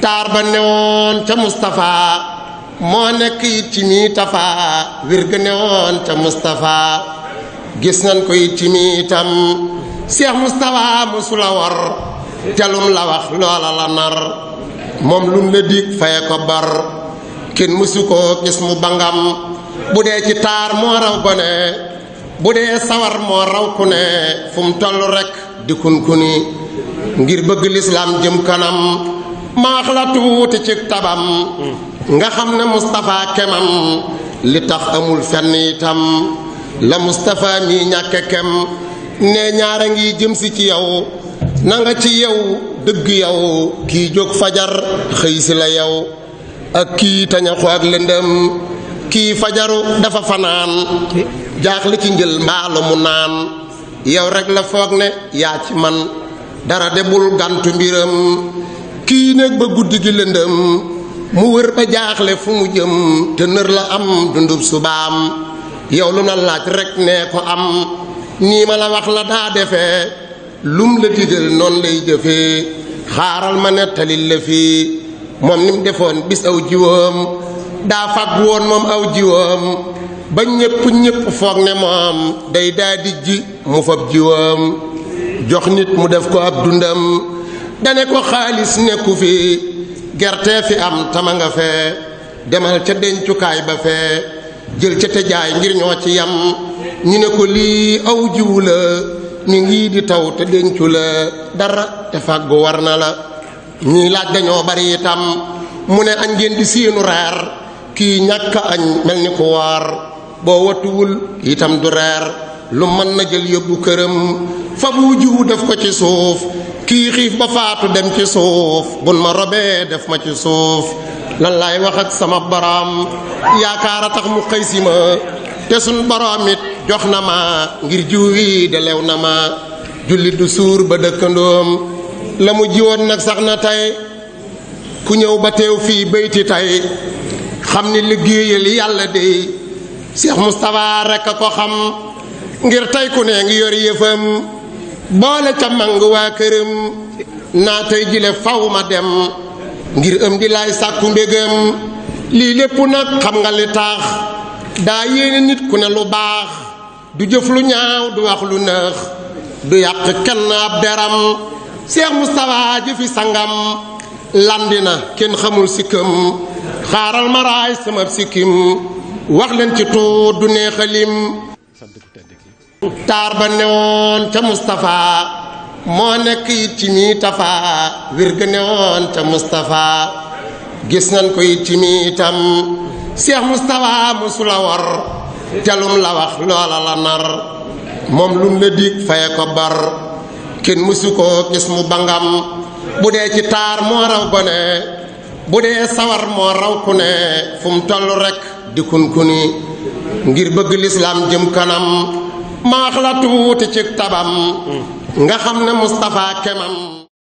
taar ba newoon ca Mustapha moo nekk it ci mii tafa wér ga ca Mustapha gis nañ ko it ci mii itam Seex Mustapha mosula war jalum la wax loola la nar moom lum la dig faye ko bar kenn mosu koo gis mu bangam bu dee ci taar moo raw gone bu dee sawar moo raw ku ne fu mu toll rekk di kun ngir bëgg lislaam jëm kanam maax la tuuti ci tabam nga xam ne Moustapha kemam li tax amul fenn itam la Moustapha mii ñàkk kem ne ñaara ngi jëm si ci yow na nga ci yow dëgg yow kii jóg fajar xëy la yow ak kii tañaxu ak lëndëm kii fajaru dafa fanaan jaaxle ci njël mbaalu mu naan yow rekk la foog ne yaa ci man dara debul gantu mbiram kii néeg ba guddi gi lëndëm mu wër ba jaaxle fu mu jëm te nër la am dundub subaam yow lu na laaj rekk nee ko am nii ma la wax la daa defee lum la digal noonu lay jëfee xaaral ma nettalil la fii moom ni defoon bis aw jiwam daa fag woon moom aw jiwam ba ñépp ñépp foog ne moom day daa di ji mu fab jiwam jox nit mu def ko ab dundam dane ko xaalis nekku fi gerte fi am tama nga fee demal ca dencukaay ba fee jël ca te jaay ngir ñoo ci yam ñu ne ko lii aw jiwu la ñu ngi di taw te dencu la dara te fàggu war na la ñuy laaj dañoo bari tam mu ne añ ngeen di siinu reer kii ñàkk añ mel ni ku waar boo watuwul itam du reer lu mën na jël yóbbu këram fa bu jiwu def ko ci suuf kii xiif ba faatu dem ci suuf bun ma robee def ma ci suuf lan laay wax ak sama boroom yaakaar a tax mu xëy si ma te sun boroom it jox na ma ngir jiw wi de na ma jullit du suur ba dëkkandoom la mu jiwoon nag sax na tey ku ñëw ba teew fii bayti tey xam ni liggéeyal yàlla dey Cheikh Moustapha rekk a ko xam ngir tey ku ne ngi yor yëfam boole ca mang waa këram naa tey jile fawuma dem ngir ëm di laay sàkku mbégam lii lépp nag xam nga li tax daa yéene nit ku ne lu baax du jëf lu ñaaw du wax lu nëx du yàq kenn ab deram Seex mu ji fi sangam landi kenn xamul sikkam xaaral ma raay sama sikkim wax leen ci tuut du neexalim taar ba newoon ca Mustapha moo nekk it ci mii tafa wér ga newoon ca Mustapha gis nañ ko it ci mii itam Cheikh Mustapha musula war telum la wax loola la nar moom lum la dig faye ko bar kenn musu ko gis mu bangam bu dee ci taar moo raw gone bu dee sawar moo raw ku ne fu mu toll rekk di kun ngir bëgg lislaam jëm kanam maax la tuuti ci tabam nga xam ne Moustapha kemam